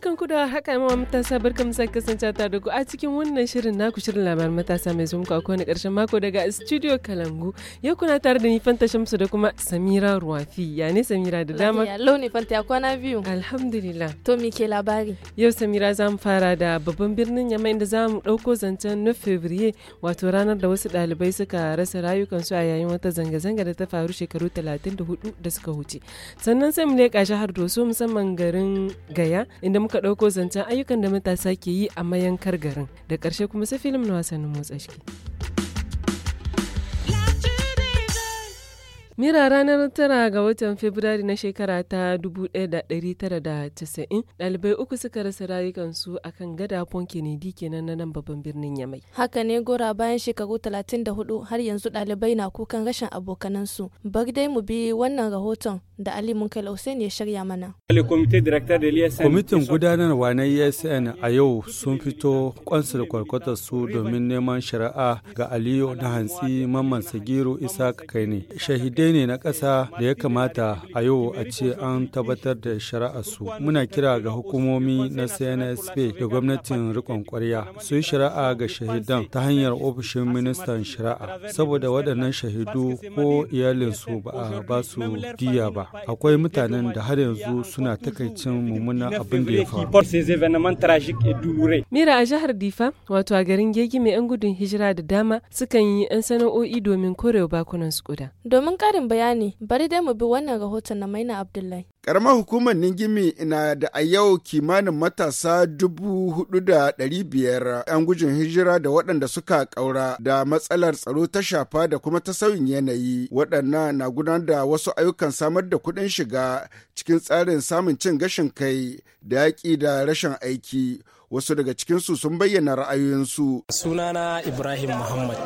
ku da haka ma matasa barkan mu sake kasance ta da ku a cikin wannan shirin naku shirin labarin matasa mai zuwa ko na karshen mako daga studio Kalangu. Yau kuna tare da ni Fanta Shamsu da kuma Samira Ruwafi. Ya ne Samira da dama? Lau ne Fanta ya kwana biyu. Alhamdulillah. To me ke labari? Yau Samira za mu fara da babban birnin Yamma inda za mu dauko zancen na Fevrier wato ranar da wasu ɗalibai suka rasa rayukansu a yayin wata zanga-zanga da ta faru shekaru 34 da suka huce. Sannan sai mu leƙa shahar Doso musamman garin Gaya inda muka ɗauko zancen ayyukan da matasa ke yi a mayankar garin da ƙarshe kuma sai filim na wasannin motsa jiki. Mira ranar tara ga watan Fabrairu na shekara ta 1990 ɗalibai uku suka rasa rayukansu a kan gada Kennedy kenan na nan babban birnin Yamai. Haka ne gora bayan shekaru 34 har yanzu ɗalibai na kukan rashin abokanansu. bar dai mu bi wannan rahoton da Ali Munkel Hussein ya shirya mana. Kwamitin gudanarwa na ESN a yau sun fito kwansar kwarkwatar su domin neman shari'a ga Aliyu na hantsi Mamman Sagiru Isa ne Shahidai ne na ƙasa da ya kamata a yau a ce an tabbatar da shari'a su. Muna kira ga hukumomi na CNSP da gwamnatin rikon ƙwarya su yi shari'a ga shahidan ta hanyar ofishin ministan shari'a saboda waɗannan shahidu ko iyalinsu ba a ba su diya ba. akwai mutanen da har yanzu suna takaicin mummunan abin da ya faru. Mira a jihar Difa, wato a garin Gegi mai 'yan gudun hijira da dama sukan yi 'yan sana'o'i domin korewa bakunan su kuda. Domin karin bayani, bari dai mu bi wannan rahoton na Maina Abdullahi. Ƙaramar hukumar Ningimi na da a yau kimanin matasa dubu hudu da ɗari biyar 'yan gujin hijira da waɗanda suka ƙaura da matsalar tsaro ta shafa da kuma ta sauyin yanayi. Waɗannan na gudanar da wasu ayyukan samar da kuɗin shiga cikin tsarin samun cin gashin kai da yaƙi da rashin aiki. Wasu daga cikinsu sun bayyana ra'ayoyinsu. Sunana Ibrahim Muhammad.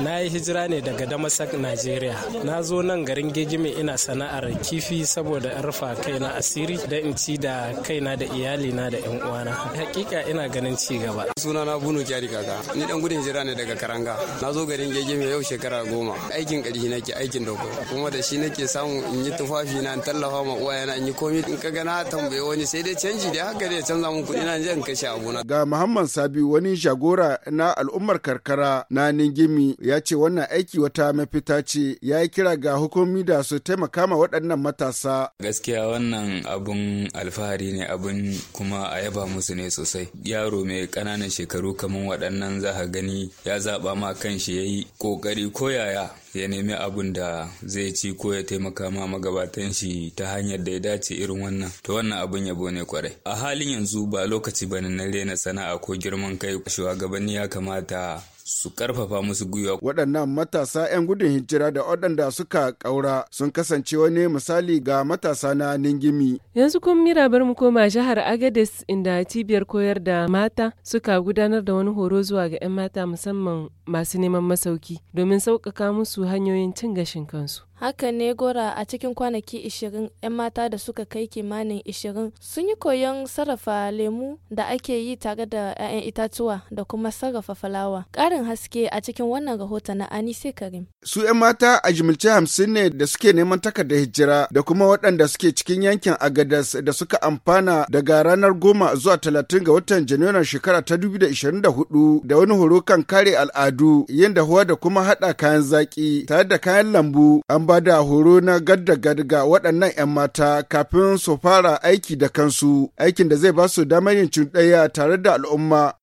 na yi hijira ne daga damasak nigeria na zo nan garin gejime ina sana'ar kifi saboda rufa kaina asiri da in ci da kaina da iyalina da yan uwana hakika ina ganin ci gaba suna na bunu kyari kaka ni dan gudun hijira ne daga karanga na zo garin gejime yau shekara goma aikin ƙarfi nake aikin doko. kuma da shi nake samu in yi tufafi na in tallafa ma uwayena in yi komai in ka gana tambaye wani sai dai canji da haka dai canza mun kuɗi na jan kashe abu na ga muhammad sabi wani jagora na al'ummar karkara na ningimi ya ce wannan aiki wata mafita ce ya yi kira ga hukumi da su taimaka ma waɗannan matasa. Gaskiya wannan abun alfahari ne abun kuma a yaba musu ne sosai. Yaro mai ƙananan shekaru kamar waɗannan za ka gani ya zaɓa ma kanshi ya yi ƙoƙari ko yaya ya nemi abun da zai ci ko ya taimaka ma magabatan shi ta hanyar da ya dace irin wannan to wannan abun yabo ne kwarai a halin yanzu ba lokaci ne na rena sana'a ko girman kai shugabanni ya kamata su karfafa musu gwiwa. Waɗannan matasa 'yan gudun hijira da waɗanda suka ƙaura sun kasance wani misali ga matasa na Ningimi. Yanzu kun mira bar mu koma jihar Agadez inda cibiyar koyar da mata suka gudanar da wani horo zuwa ga 'yan mata musamman masu neman masauki domin sauƙaƙa musu hanyoyin cin gashin kansu. haka ne gora a cikin kwanaki 20 'yan mata da suka kai kimanin 20 sun yi koyon sarrafa lemu da ake yi tare da 'ya'yan itatuwa da kuma sarrafa falawa ƙarin haske a cikin wannan rahoto na anise karim su 'yan mata a jimilce 50 ne da suke neman takardar hijira da kuma waɗanda suke cikin yankin agadas da suka amfana daga ranar goma zuwa talatin ga watan janairu shekara ta 2024 da wani horo kan kare al'adu yin dahuwa da kuma haɗa kayan zaƙi tare da kayan lambu an ba ba da horo na gadda gadga waɗannan 'yan mata kafin su fara aiki da kansu, aikin da zai ba su damar yin cuɗaya tare da al'umma.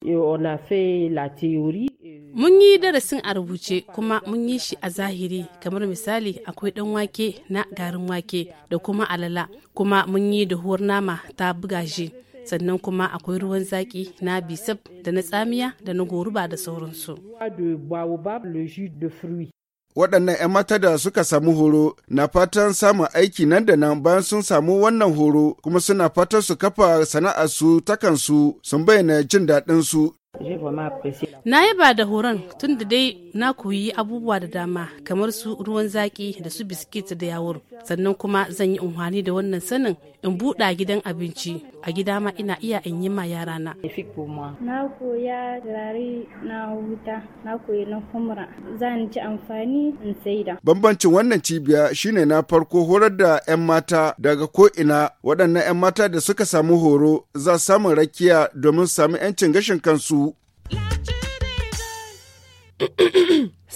Mun yi darasin a rubuce kuma mun yi shi a zahiri kamar misali akwai ɗan wake na garin wake da kuma alala kuma mun yi dahuwar nama ta buga shi. sannan kuma akwai ruwan zaki na bisab da na tsamiya da na goruba da sauransu. waɗannan 'yan mata da suka samu horo na fatan samun aiki nan da nan bayan sun samu wannan horo kuma suna fatan su kafa sana'arsu ta kansu sun bayyana jin daɗin su Na yaba da horon tun da dai na koyi abubuwa da dama kamar su ruwan zaki da su biskit da yawur. Sannan kuma zan yi unhwani da wannan sanin in buɗa gidan abinci a gida ma ina iya in yi ma yara na. Na koya turare na wuta, na koyi na kumra zan ci amfani in saida. Bambancin wannan cibiya shine na farko horar da 'yan mata daga ko ina waɗannan 'yan mata da suka samu horo za samun rakiya domin samu 'yancin gashin kansu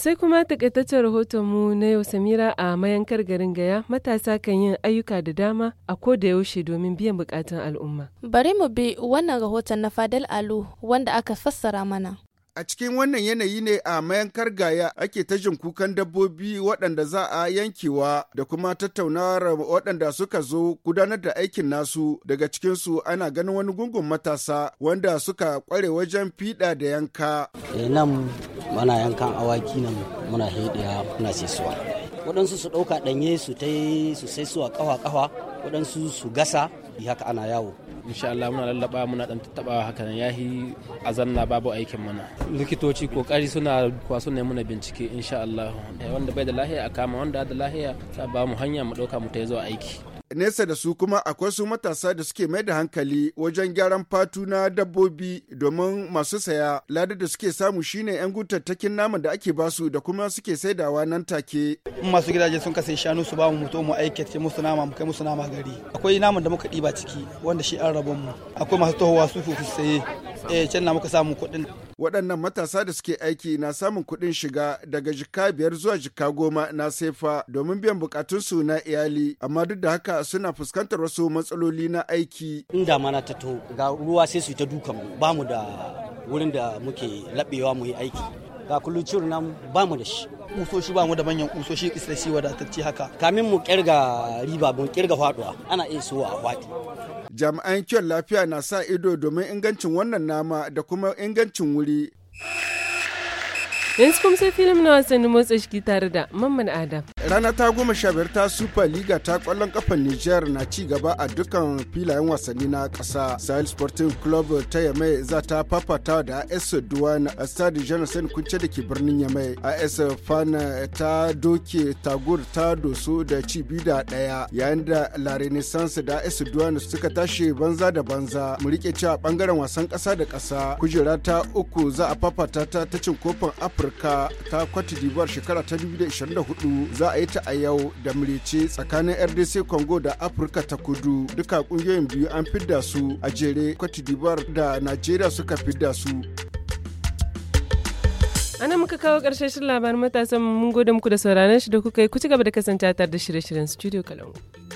Sai kuma takaitaccen rahotonmu na yau Samira a mayankar garin Gaya matasa kan yin ayyuka da dama a ko da yaushe domin biyan bukatun al'umma. Bari mu bi wannan rahoton na Fadal Alu wanda aka fassara mana. A cikin wannan yanayi ne a mayankar gaya ake ta jin kukan dabbobi waɗanda za a yankewa da kuma tattaunawar waɗanda suka zo gudanar da aikin nasu daga cikinsu ana ganin wani gungun matasa wanda suka kware wajen fiɗa da yanka. Eh, nan mana yankan awaki nan muna heɗiya muna sesuwa. Waɗansu su ɗauka ɗanye su ta su sai su a ƙawa-ƙawa waɗansu su gasa haka ana yawo insha Allah muna lallaba muna dan tattaba haka nan yahi azanna babu aikin mana likitoci kokari suna kwaso ne muna bincike insha Allah wanda bai da lahiya a kama wanda da lahiya ta ba mu hanya mu dauka mu ta zuwa aiki Nesa da su kuma akwai su matasa da suke mai da hankali wajen gyaran fatu na dabbobi domin masu saya ladar da suke samu shine 'yan gutattakin naman da ake basu da kuma suke saidawa nan take. Masu gidaje sun kasance shanu su ba mu mutu mu ce musu nama mu kai musu nama gari. Akwai naman da muka diba ciki wanda shi an rabon mu. Akwai masu tahowa su su saye. Eh can na muka samu kuɗin waɗannan matasa da suke aiki na samun kuɗin shiga daga jika biyar zuwa jika goma na sefa domin biyan bukatunsu na iyali amma duk da haka suna fuskantar wasu matsaloli na aiki in damana ta to ga ruwa sai su yi ta dukan ba mu da wurin da muke laɓewa mu yi aiki ga kullum ciwon ba mu da shi kusoshi ba mu da manyan kusoshi isassi wadatacce haka kamin mu kirga riba mu kirga faduwa ana iya so a faɗi jami'an kiwon lafiya na sa ido domin ingancin wannan nama da kuma ingancin wuri. Yanzu kuma sai filin na wasannin motsa jiki tare da Mamman Adam. Rana ta goma sha biyar ta Super Liga ta kwallon kafan Niger na ci gaba a dukkan filayen wasanni na ƙasa. Sahel Sporting Club ta Yamai za ta fafata da AS Duwan a Stade Jean Kunce da ke birnin Yamai. AS Fan ta doke Tagur ta doso da ci biyu da ɗaya yayin da La Renaissance da AS Duwan suka tashi banza da banza. Mu rike cewa bangaren wasan ƙasa da kasa kujera ta uku za a fafata ta ta cin kofin Afirka afirka ta cote d'ivoire shekara ta 2024 za a yi ta a yau da murece tsakanin rdc congo da afirka ta kudu duka kungiyoyin biyu an fidda su a jere cote d'ivoire da nigeria suka fidda su a nan muka kawo ƙarshen shirin labarin matasan mun gode muku da sauraron shi da kuka yi ku ci gaba da kasancewa tare da shirye-shiryen studio kalangu